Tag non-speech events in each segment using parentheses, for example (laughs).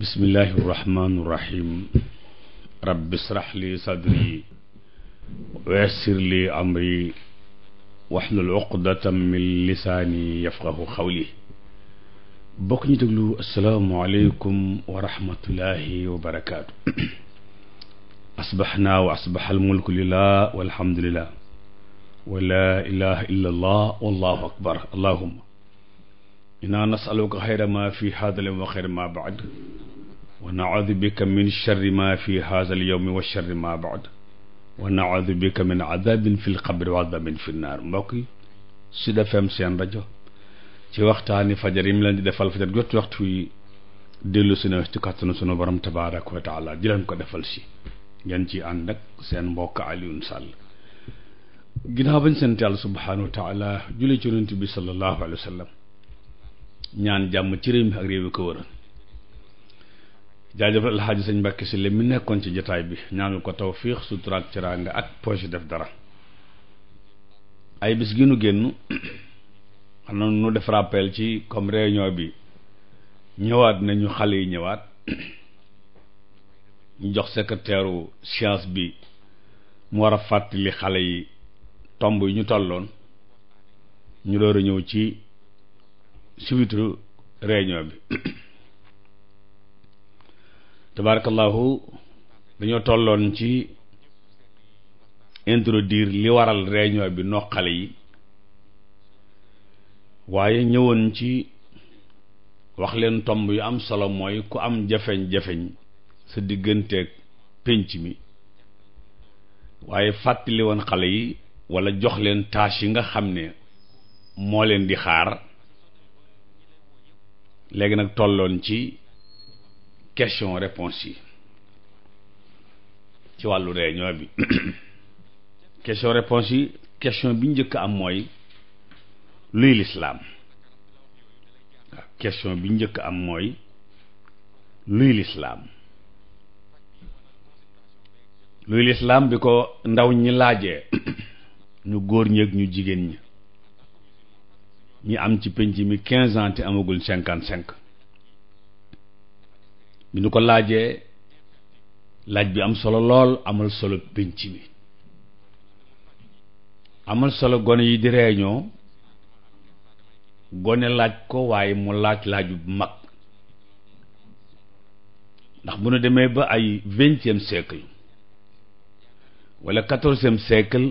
bismillaahi rahmaani rahiim rabbi srax li sadri weesir li amri waxlul uqdatam min lisaani yafqahu xawli bokk ñu déglu asalaamualeykum wa rahmatullahi wa barakaatu asbaxnaa wa asbaxal mulku lillah walhamdulillah wa laa ilaha illa allah wallahu akbar allahumma inna nasaluka xayra ma fi hada wa xayra ma baad wa naudu bika min charri ma fi haza al yowmi wa charri ma baad wa naudu bika min adabin fi lqabri wa adabin fi nnaar mbokk yi Sud FM seen rajo ci waxtaani fajar yi mu leen di defal fajar jot waxtu yi dellu si na ci kàttanu sunu borom tabaaraka wa taala di leen ko defal si ngeen ci ànd ak seen mbokk Alioune Sall ginnaaw bañ sant yàlla subhaanahu wa taala julli ci yonent bi sallallahu alayhi wa sallam ñaan jàmm ci réew mi ak réew yi ko wëran jaajëfal alxaaji sañ Mbàkke si lem mi nekkoon ci jataay bi ñaanu ko tawfiix sutura ak teraanga ak poche def dara ay bis gi nu génn (clears throat) xanaa nu def rappel ci comme réunion bi ñëwaat nañu xale yi ñëwaat ñu jox secrétaire u bi mu war a fàttali xale yi tomb yi ñu tolloon ñu door a ñëw ci subitu réunion bi (clears throat) tabarakallahu dañoo tolloon ci introduire li waral réunion bi noqale yi waaye ñëwoon ci waxleen leen tomb yu am solo mooy ku am jafeñ-jafeñ sa digganteeg pénc mi waaye fàttali woon xale yi walla jox leen tâche yi nga xam ne moo leen di xaar léegi nag tolloon ci question réponse yi ci wàllu réunion bi (coughs) question réponse yi question bi njëkk am mooy luy lislaam question bi njëkk am mooy luy lislaam luy lislaam bi ko ndaw ñi laajee (coughs) ñu góor ñeeg ñu jigéen ñi ñi am ci penc mi quinze ans te amagul cinquante cinq bi ñu ko laajee laaj bi am solo lool amal solo pénc mi amal solo gone yi di reeñoo gone laaj ko waaye mu laaj laaju bu mag ndax bu nu demee ba ay vingtième siècle wala quatorzième siècle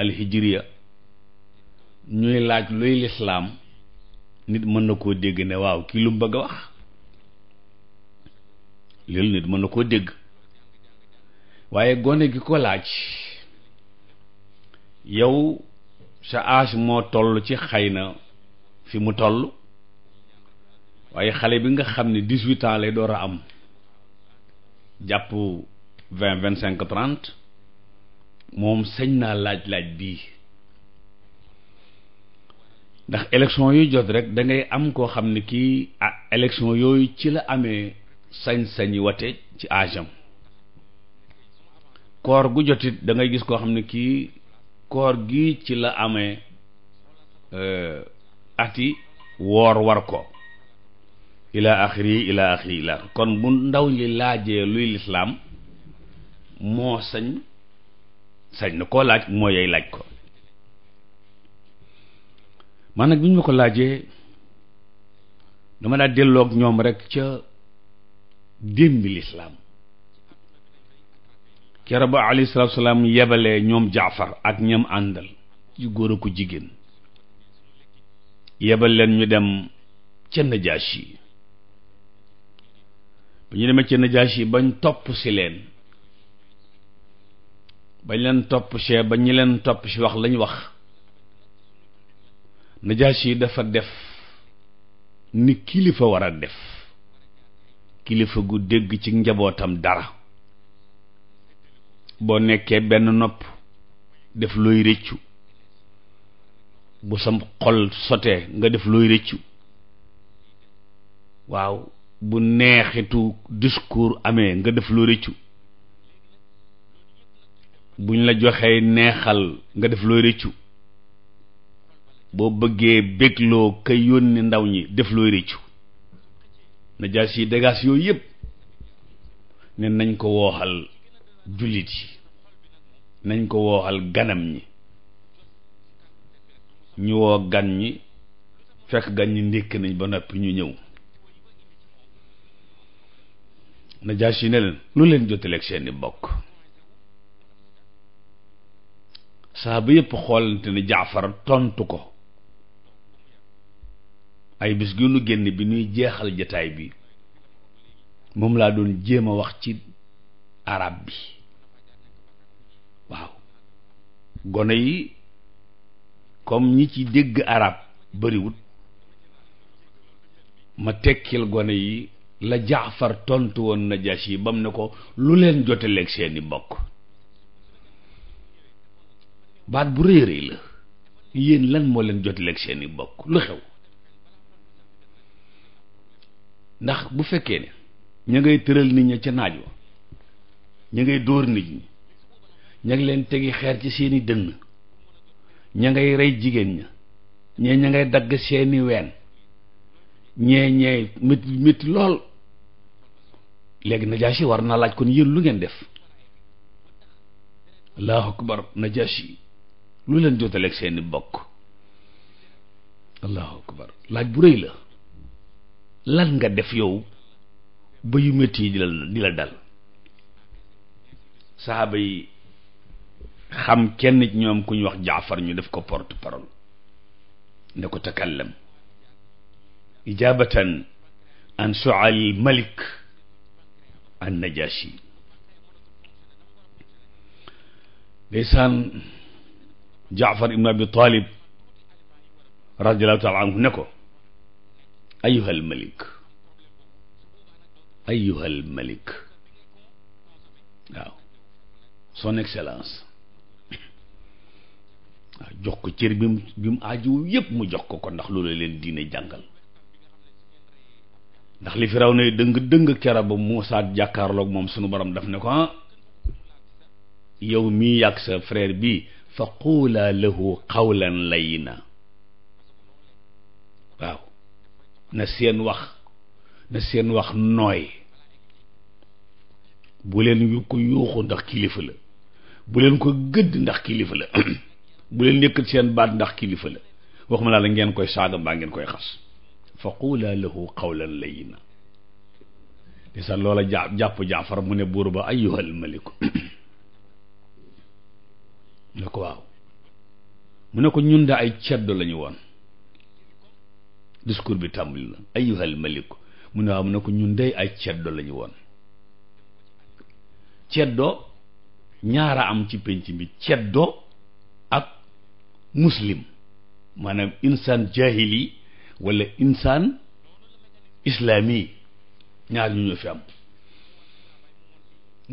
alhijriya ñuy laaj luy lislaam nit mën na koo dégg ne waaw kii lu mu bëgg wax loolu nit mën na koo dégg waaye gone gi ko laaj yow sa âge moo toll ci xay na fi mu toll waaye xale bi nga xam ne dix-huit lay door a am jàpp vingt vingt-cinq trente moom sëñ naa laaj-laaj bii ndax élection yu jot rek dangay am koo xam ne kii a ah, élection yooyu ci la amee sañ sañ wate ci aajam koor gu jotit da gis koo xam ne kii koor gi ci la ame eh, ati woor war ko ila axiri ila axiri ila kon bu ndaw li laajee luy lislaam moo sañ sañ na koo laaj mooy yey laaj ko man nag bi ñu ma ko laajee dama daa delloog ñoom rek ca démbi lislaam kera ba alayhi salaam yebalee ñoom jaafar ak ñam àndal yu góor a ko jigéen yebal leen ñu dem ca Najaashi bi ñu demee ca Najaashi bañ topp si leen bañ leen topp see ba ñi leen topp si wax lañ wax yi dafa def ni kilifa war a def kilifa gu dégg ci njabootam dara boo nekkee benn nopp def looy rëccu bu sam xol sotee nga def looy rëccu waaw bu neexitu discours amee nga def loo rëccu buñ la joxee neexal nga def looy rëccu boo bëggee bégloo ka yónni ndaw ñi def looy rëccu yi dégage yooyu yëpp ne nañ ko wooxal jullit yi nañ ko wooxal ganam ñi ñu woo gan ñi fekk gan ñi ndékki nañ ba noppi ñu ñëw Najaasi ne leen lu leen jotaleeg seeni bokk saaba yëpp xoolante ne Jaafar tontu ko ay bis gi nu génn bi ñuy jeexal jataay bi moom laa doon jéem a wax ci arab bi waaw gone yi comme ñi ci dégg arab bariwut ma tekkil gone yi la jaafar tontu woon jas yi bam ne ko lu leen joteleeg seeni mbokk baat bu réy réy la yéen lan moo leen joteleeg seeni mbokk lu xew ndax bu fekkee ne ña ngay tëral nit ña ca naaj wa ña ngay dóor nit ñi ña ngi leen tegi xeer ci seeni dënn ña ngay rey jigéen ña ñee ña ngay dagg seeni ween ñee ñee métti métti lool léegi Najaasi war naa laaj kon yéen lu ngeen def allahu akbar Najaasi lu leen jotaleeg seeni bokk allahu akbar laaj bu rëy la lan nga def yow ba yu métti yi di la di la dal saxaaba yi xam kenn ci ñoom ku ñu wax jaafar ñu def ko port parole ne ko takallam ijabatan an sual malik an najashi ndeysaan jaafar ibnu abi talib radiallahu taala anhu ne ko ayyuhal malik ayyuhal malik waaw son excellence waaw jox ko cër bi mu bi mu yépp mu jox ko ko ndax loolu leen diine jàngal ndax li raw na dëng dëng kera ba Muusaa jàkkaarloog moom sunu borom daf ne ko ah, yow mi yàgg sa frère bi fa quulaa lahu qawlan layyinan na seen wax na seen wax nooy bu leen yu ko yuuxu ndax kilifa la bu leen ko gëdd ndax kilifa la (clears throat) bu leen yëkkat seen baat ndax kilifa la wax ma laa la ngeen koy saaga mbaa ngeen koy xas fa quulaa lahu qawlan layyina di sa loola jaa jàpp jaafar mu ne buur ba ayyuhal maliku (clears throat) ne ko waaw mu ne ko ñun de ay ceddo lañu woon discours bi tàmbali na ayyuhal maliku mu ne waaw mu ne ko ñun dey ay ceddo lañu woon ceddo ñaara am ci pénc bi ceddo ak muslim maanaam insaan jahili walla insaan islaami ñaar ñu ñoo fi am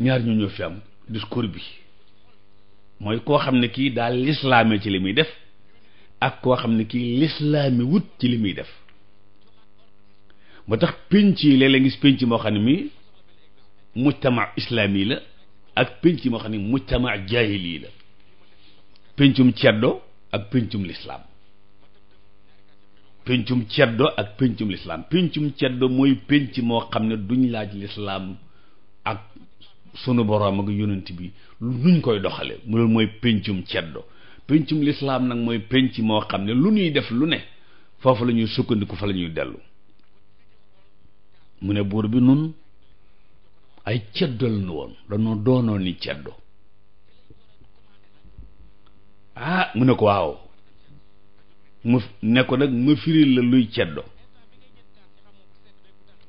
ñaar ñu ñoo fi am discours bi mooy koo xam ne kii daal lislaame ci li muy def ak koo xam ne kii lislaami wut ci li muy def moo tax pénc yi léeg-léeg ngis pénc moo xam ne mi mujtama islaami la ak pénc moo xam ne mujtama jaahili la péncum ceddo ak péncum lislaam péncum ceddo ak péncum lislaam mooy pénc moo xam ne duñ laaj lislaam ak sunu boroom ak yonent bi lu nuñ koy doxale mu loolu mooy péncum ceddo pencum lislaam nag mooy penc moo xam ne lu ñuy def lu ne foofu lañuy sukkandiku fa la ñuy dellu mu ne buur bi nun ay ceddal nu woon dañoo doonoon ni ceddo ah mu ne ko waaw mu ne ko nag ma firil la luy ceddo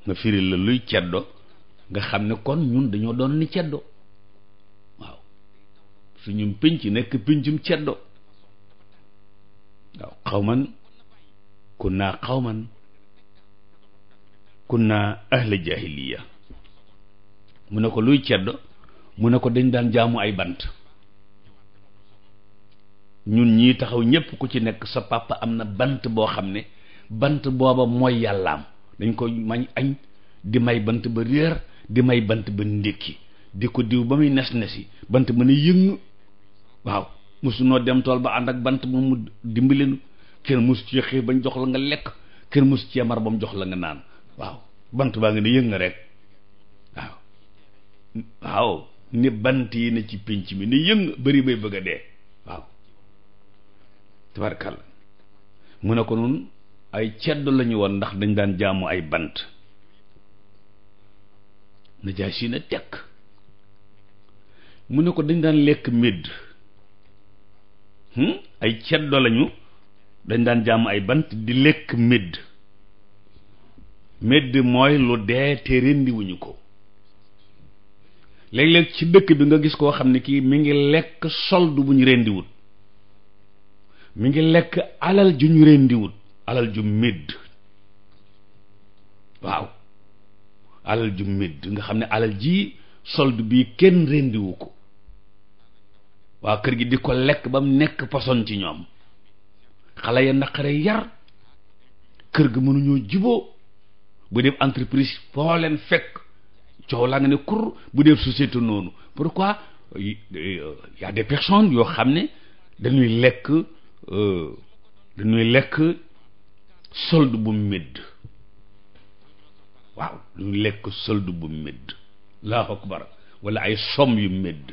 ma firil la luy ceddo nga xam ne kon ñun dañoo doon ni ceddo waaw suñu pénc nekk péncum ceddo waaw xawman kunnaa xawman kunnaa ahla jahiliya mu ne ko luy ceddo mu ne ko dañ daan jaamu ay bant ñun ñi taxaw ñépp ku ci nekk sa papa am na bant boo xam ne bant booba mooy yàllaam dañ ko mañ añ di may bant ba réer di may bant ba ndékki di ko diw ba muy nes nesi bant ba ne yëng waaw musu noo dem tool ba ànd ak bant ba mu dimbalinu kenn musu cee xiif bañ jox la nga lekk kenn mosu cee mar ba mu jox la nga naan waaw bant baa nga ne yëg nga rek waaw waaw ni bant yi ne ci pinc mi ni yëng bari bay bëgg a dee waaw tabarkàlla mu ne ko noonu ay ceddo lañu woon ndax dañ daan jaamu ay bant najaasi na tekk mu ne ko dañ daan lekk médd Hmm? ay ceddo lañu dañ daan jàmm ay bant di lekk médd médd mooy lu dee te rendiwuñu ko léeg-léeg ci dëkk bi nga gis koo xam ne kii mi ngi lekk sold bu ñu rendiwut mi ngi lekk alal ju ñu rendiwut alal ju médd waaw alal ju médd nga xam ne alal ji sold bii kenn rendiwu ko waa kër gi di ko lekk ba mu nekk poson ci ñoom xale ya naqare yar kër gi mënuñoo juboo bu dee entreprise foo leen fekk coow laa nga ne kur bu dee société noonu pour quoi a des personnes yoo xam ne dañuy lekk euh, dañuy lekk solde bu médd waaw dañuy lekk solde bu médd allahu akbar wala ay somme yu médd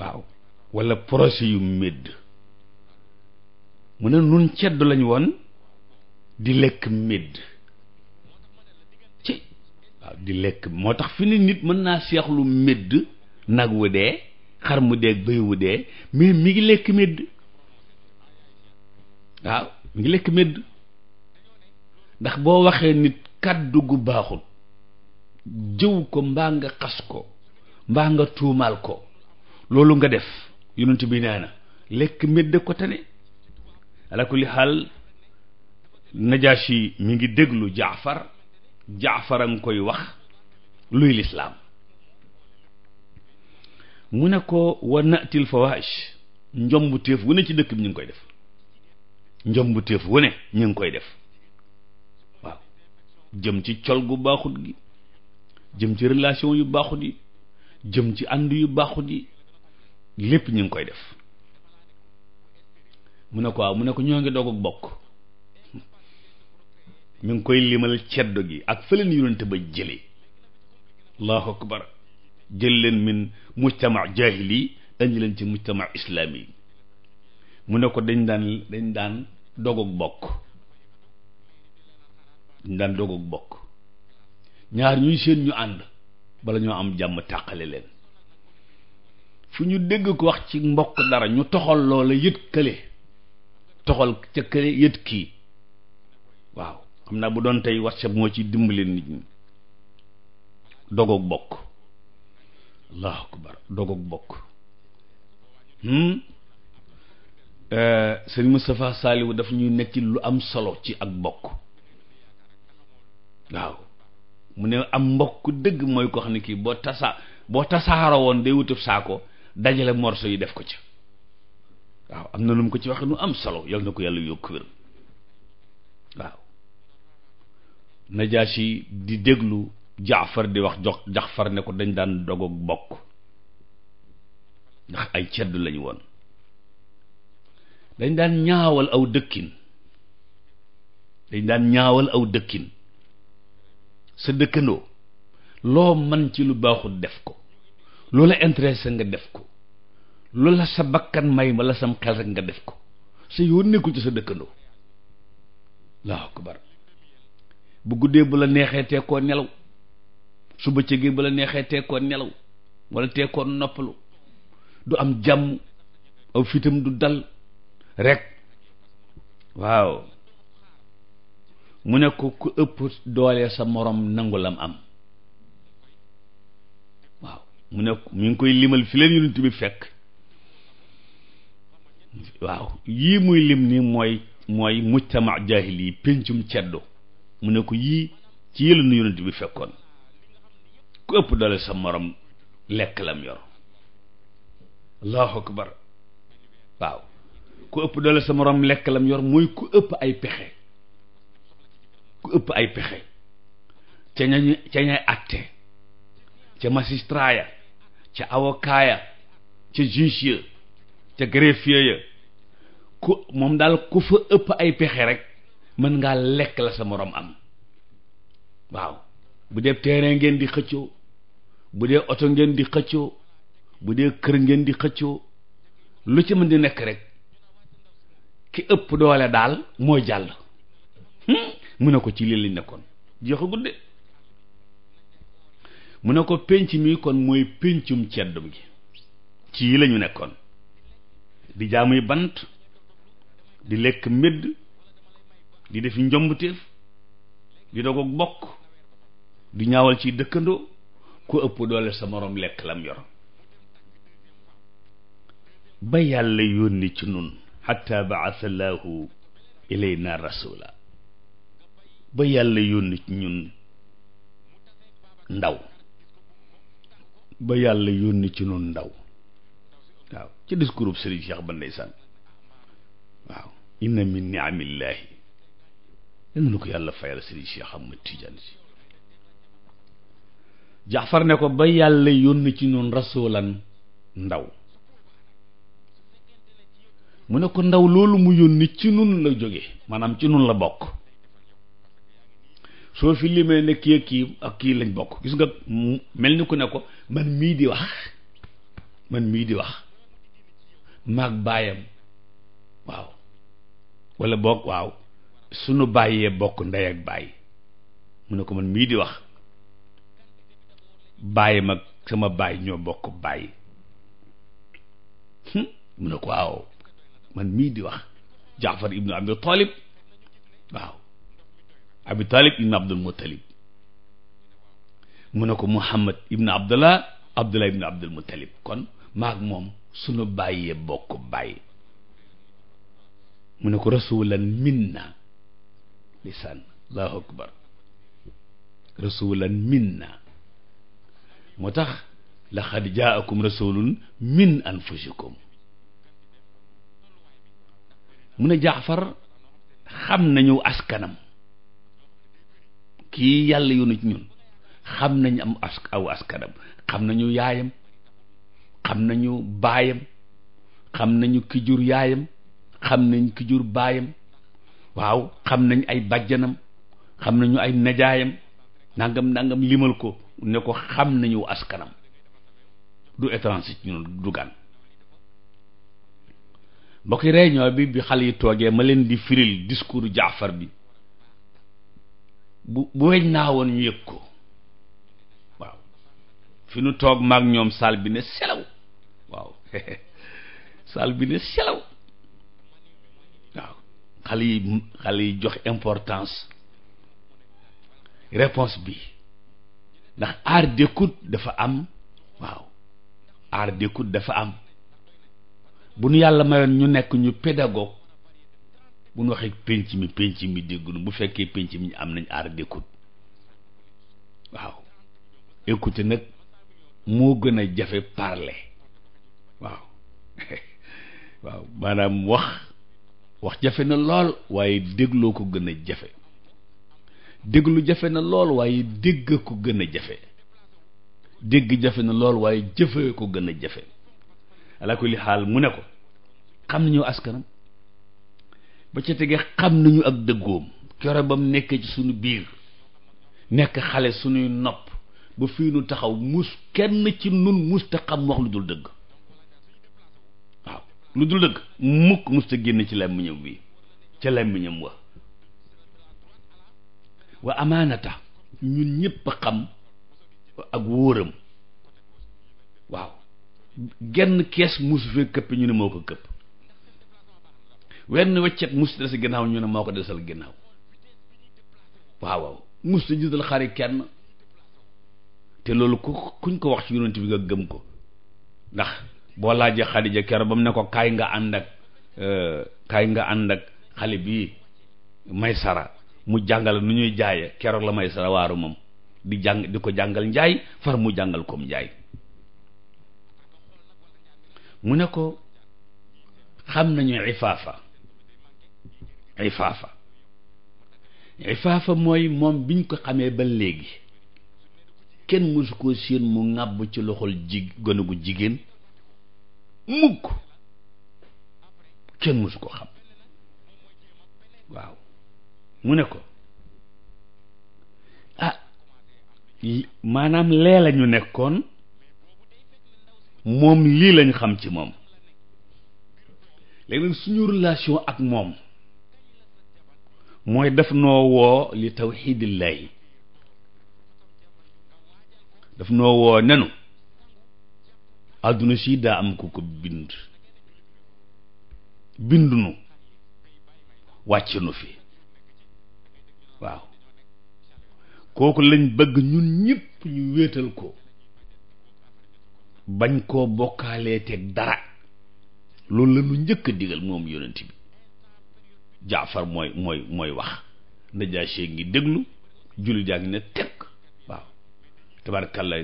waaw wala projet yu médd mu ne nun ceddu lañ woon di lekk médd ci waaw di lekk moo tax fi ni nit mën naa seexlu médd nag wu dee xar mu dee bëy wu dee mais ngi lekk médd waaw mi ngi lekk médd ndax boo waxee nit kàddu gu baaxul jëw ko mbaa nga xas ko mbaa nga tuumaal ko loolu nga def yonent bi nee na lekk médd ko tane ala kulli xaal najaashi mu ngi déglu jaafar jaafar a koy wax luy lislaam mu ne ko wa natil fawaash njombu téef wu ne ci dëkk bi ñu ngi koy def njombu téef wu ne ñu ngi koy def waaw jëm ci col gu baaxut gi jëm ci relation yu baaxut yi jëm ci ànd yu baaxut yi lépp ñu ngi koy def mu ne ko waaw mu ne ko ñoo ngi doog bokk mi ngi koy limal ceddo gi ak fële ni yonente ba jëlee allahu akbar jël leen min mujtama jaahili indi leen ci mujtama islaami mu ne ko dañ daan dañ daan dogog bokk dañ bokk ñaar ñuy seen ñu ànd bala ñoo am jàmm tàqale leen fu ñu dégg ko wax ci mbokk dara ñu toxal loola yët kële toxal ca kële yët kii waaw xam naa bu doon tey whatsapp moo ci dimbali nit ñi dogoog bokk allahu akbar dogoog bokk hmm? eh, sëñ Moustapha Saliou daf ñuy nekk lu am solo ci ak bokk waaw mu ne am mbokk dëgg mooy ko xam ne kii boo tasa boo tasaaroo woon day wutub saako dajale morceau yi def ko ci waaw am na lu mu ko ci wax nu am solo yal na ko yàlla yokk wér waaw Najaasi di déglu Jaafar di wax jox Jaafar ne ko dañ daan dogoog bokk ndax ay cedd lañu woon dañ daan ñaawal aw dëkkin dañ daan ñaawal aw dëkkin sa dëkkandoo loo man ci lu baaxul def ko lu la intéressé nga def ko lu la sa bakkan may wala sam xel rek nga def ko sa yoon nekkul ci sa dëkkandoo allahu akbar bu guddee bu la neexee tee koo nelaw su bëccëgee bu la neexee tee koo nelaw wala tee koo noppalu du am jàmm aw fitam du dal rek waaw mu ne ko ku ëpp doole sa morom nangu lam am mu ne mi ngi koy limal fi leen yonent bi fekk waaw yii muy lim ni mooy mooy mujtama jaahil yi péncum ceddo mu ne ko yii ci yële nu yonent bi fekkoon ku ëpp doole sa morom lekk lam yor allahu akbar waaw ku ëpp doole sa morom lekk lam yor muy ku ëpp ay pexe ku ëpp ay pexe ca ñañu ca ñay ca magistrat ca avocat ya ca juge ya ca greffier ya ku moom daal ku fa ëpp ay pexe rek mën nga lekk la sa moroom am waaw bu dee terrain ngeen di xëccoo bu dee oto ngeen di xëccoo bu dee kër ngeen di xëccoo lu ci mën di nekk rek ki ëpp doole daal moo jàll hmm? mu ne ko ci lii li nekkoon jeexagut de mu ne ko pénc mi kon mooy péncum ceddum gi ci yi la ñu nekkoon di jaamuy bant di lekk mbëdd di def njombuteef di dogoog bokk di ñaawal ci dëkkandoo ku ëpp doole sa moroom lekk lam yor ba yàlla yónni ci nun xatta baasa llahu ilayna rasula ba yàlla yónni ci ñun ndaw ba yàlla yónni ci nun ndaw waaw ci discours Serigne Cheikh ba ndeysaan waaw inna min niamillaahi yal na ko yàlla fayal Serigne Cheikh Ahmad Tidiane si Jaafar ne ko ba yàlla yónni ci nun rasulan ndaw mu ne ko ndaw loolu mu yónni ci nun la jóge maanaam ci nun la bokk soo fi limee ne kii ak kii ak kii lañ bokk gis nga mel ni ku ne ko man mii di wax man mii di wax maag baayam waaw wala bokk waaw sunu bàyyee bokk ndey ak baay mu ne ko man mii di wax baayam ak sama baay ñoo bokk baay mu ne ko waaw man mii di wax jaafar ibnu abi talib waaw abi talib ibnu abdul muttalib mu ne ko Muhammad ibn Abdullah Abdullah ibn Abdul Muttalib kon maag moom sunu bàyyee bokk bàyyi mu ne ko rasulan minna lisaan allahu akbar rasulan minna moo tax laqad jaakum rasulun min anfusikum mu ne jaafar xam nañu askanam kii yàlla yónni ci ñun xam nañ am as aw askanam xam nañu yaayam xam nañu baayam xam nañu ki yaayam xam nañ ki jur baayam waaw xam nañ ay bàjjanam xam nañu ay najaayam nangam nangam limal ko ne ko xam nañu askanam du étranger ci ñun du gan mbokki réunion bi bi xale yi toogee ma leen di firil discours jaafar bi bu bu weñ naa woon ñu yëg ko fi nu toog maak ñoom saal bi ne selaw waaw (laughs) saal bi ne selaw waaw xale yi xale yi jox importance réponse bi ndax art d'écoute dafa am waaw art d'écoute dafa am bu nu yàlla mayoon ñu nekk ñu pédagogue bu nu waxee pénc mi pénc mi déggunu bu fekkee pénc mi ñu am nañ art d'écoute waaw écoute nag moo gën a jafe parler waaw (laughs) waaw maanaam wax wax jafe na lool waaye dégloo ko gën a jafe déglu jafe na lool waaye dégg ko gën a jafe dégg jafe na lool waaye jëfe ko gën a jafe ala kulli xaal mu ne ko xam nañu askanam ba ca tege xam nañu ak dëggoom kero bam nekkee ci sunu biir nekk xale sunuy nopp ba fii nu taxaw mus kenn ci nun mus te xam wax lu dul dëgg waaw lu dul dëgg mukk mus ta génn ci làmmiñam wi ca làmmiñam wa wa amaanata ñun ñëpp a xam ak wóoram waaw genn kees musu fee këpp ñu ne moo ko këpp wenn weccet mus des gannaaw ñu ne moo ko desal gannaaw waaw waaw mus ta gisal xari kenn te loolu ku kuñ ko wax ci yonent bi nga gëm ko ndax boo laajee Xadija keroog ba mu ne ko kaay nga ànd ak euh, kaay nga ànd ak xale may sara mu jàngal nu ñuy jaaye keroog la may Maysara waaru moom di jàng di ko jàngal njaay far mu jàngal koom njaay mu ne ko xam nañu ifaafa ifaafa ifaafa mooy moom biñ ko xamee ba léegi kenn mësu koo séen mu ŋàbb ci loxol ji gone gu jigéen mukk kenn mësu ko xam waaw mu ne ko ah maanaam lee lañu nekkoon moom lii lañ xam ci moom léegi suñu relation ak moom mooy def noo woo li tawxidillahi daf noo woo nenu àdduna si daa am ku ko bind bind nu nu fi waaw kooku lañ bëgg ñun ñëpp ñu wéetal ko bañ koo bokkaalee teg dara loolu la njëkk a digal moom yonent bi jaafar mooy mooy mooy wax najaasee ngi déglu julli jaa ne tekk tabarkalla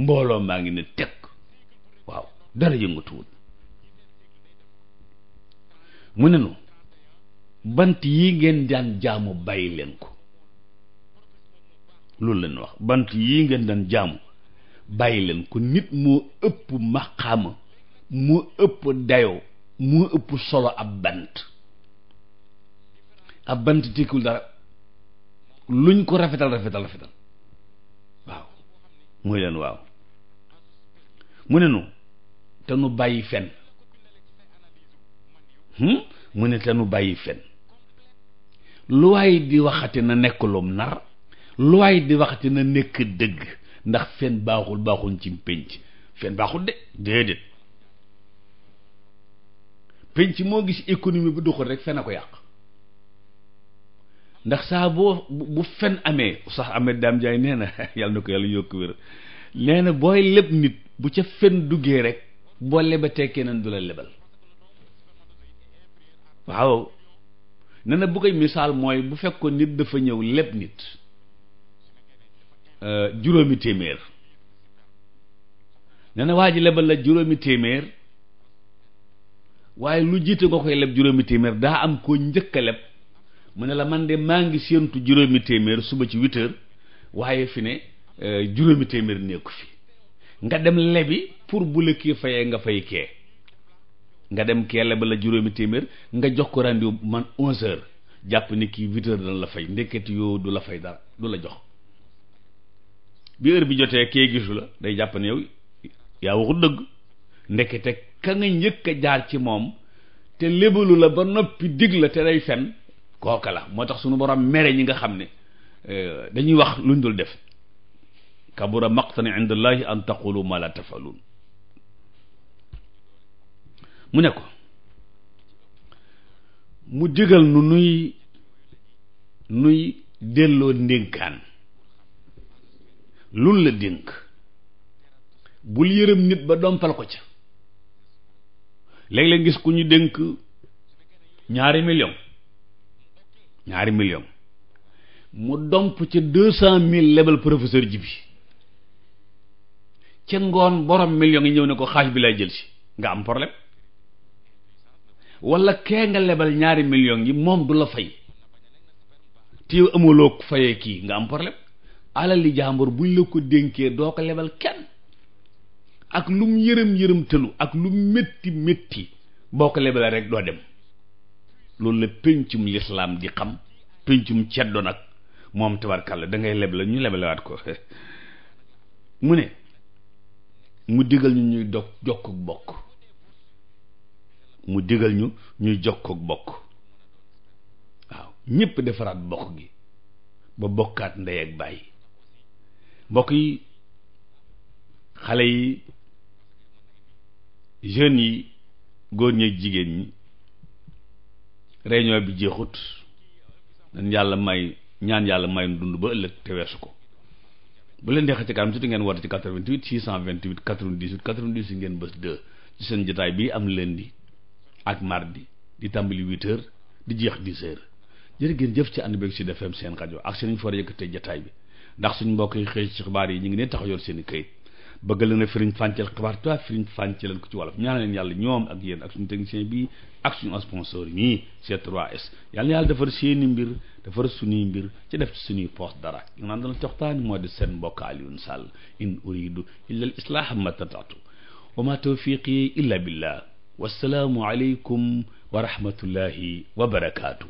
mbooloo maa ngi ne tekk waaw dara yëngatuwul mu ne nu bant yi ngeen daan jaamu bàyyi leen ko bant yi ngeen daan jaamu bàyyi leen ko nit moo ëpp maxaama moo ëpp dayo moo ëpp solo ab bant ab bant tekkiwul dara luñ ko rafetal rafetal rafetal muy leen waaw mu ne nu te nu bàyyi fen hmm? mu ne te nu bàyyi fen lu waay di waxati na nekk lum nar lu waay di waxati na nekk dëgg ndax fen baaxul baaxul ci pénc fen baaxul de déedéet pénc moo gis économie bu doxul rek fen a ko yàq ndax saa boo bu fen amee sax Ahmed Dame Ndiaye nee na (laughs) yàlla na ko yàlla yokk wér nee booy leb nit bu ca fen duggee rek boo lebatee keneen du la lebal waaw nee na misaal mooy bu fekkoon nit dafa ñëw leb nit euh, juróomi téeméer nee na waa ji lebal la juróomi téeméer waaye lu jiite nga koy leb juróomi téeméer daa am koo njëkk leb mu ne la man de maa ngi séentu juróomi téeméer suba ci huit waaye fi ne euh, juróomi téeméer nekku fi nga dem lebi pour bu la kii fayee nga fay kee nga dem kee leba la juróomi téeméer nga jox ko rendez man onze jàpp ni kii huit heures dana la fay ndeketi yoo du la fay dara du la jox bi heure bi jotee kee gisu la day jàpp ne yow yaa waxu dëgg ndekete ka nga njëkk a jaar ci moom te lébalu la ba noppi dig la te day fen kookala moo tax suñu borom mere ñi nga xam ne euh, dañuy wax luñ dul def kabura maqtan inda allahi an taqulu ma la tafalun mu ne ko mu digal nu nuy nuy delloo ndénkaan lun la dénk bul yërëm nit ba dompal ko ca léeg-léeg gis ku ñu dénk ñaari million ñaari million mu domp ca deux cent mille lebal professeur ji bi ca ngoon borom million yi ñëw ne ko xaaj bi lay jël si nga am problème wala kee lebal ñaari million yi moom du la fay te amuloo fayee kii nga am problème alali jàmbur buñ la ko dénkee doo ko lebal kenn ak lum yërëm yërëm tëlu ak lu métti métti boo ko lebalee rek doo dem loolu la pencum lislaam di xam pencum ceddo nag moom tabarkàlla da ngay leb la ñu lebelewaat ko (laughs) mu ne mu digal ñu ñuy dog jokk bokk mu digal ñu ñuy jokk bokk waaw ñëpp defaraat bokk gi ba bokkaat ndey ak bàyyi mbokk yi xale yi jeunes yi góor ñi jigéen ñi réunion bi jeexut nan yàlla may ñaan yàlla may dund ba ëllëg te weesu ko bu leen neexee ci kanam surtout ngeen woote ci 88 628 98 98 ngeen bës 2 ci seen jotaay bii am lundi ak mardi di tàmbali 8h di jeex 10h jërë ngeen jëf ci ànd beeg Sud FM seen rajo ak seen ñu fa war a yëkkatee jotaay bi ndax suñ mbokk yi xëy ci xibaar yi ñu ngi ne tax yor seen i këyit. bëgg la na firiñ fànceel xibaar tuuti firiñ fànceelal ko ci wolof ñaan leen yàlla ñoom ak yéen ak suñu technicien bi ak suñu sponsor mii C3S yàlla na yàlla defar seeni mbir defar suñuy mbir ci def ci suñuy poste dara naan dana coxtaani moo di seen mbokk Alioune Sall in uridu illa al islaaha ma tatatu wa ma tawfiqi illa billah wassalaamu aleykum wa rahmatullahi wa barakaatu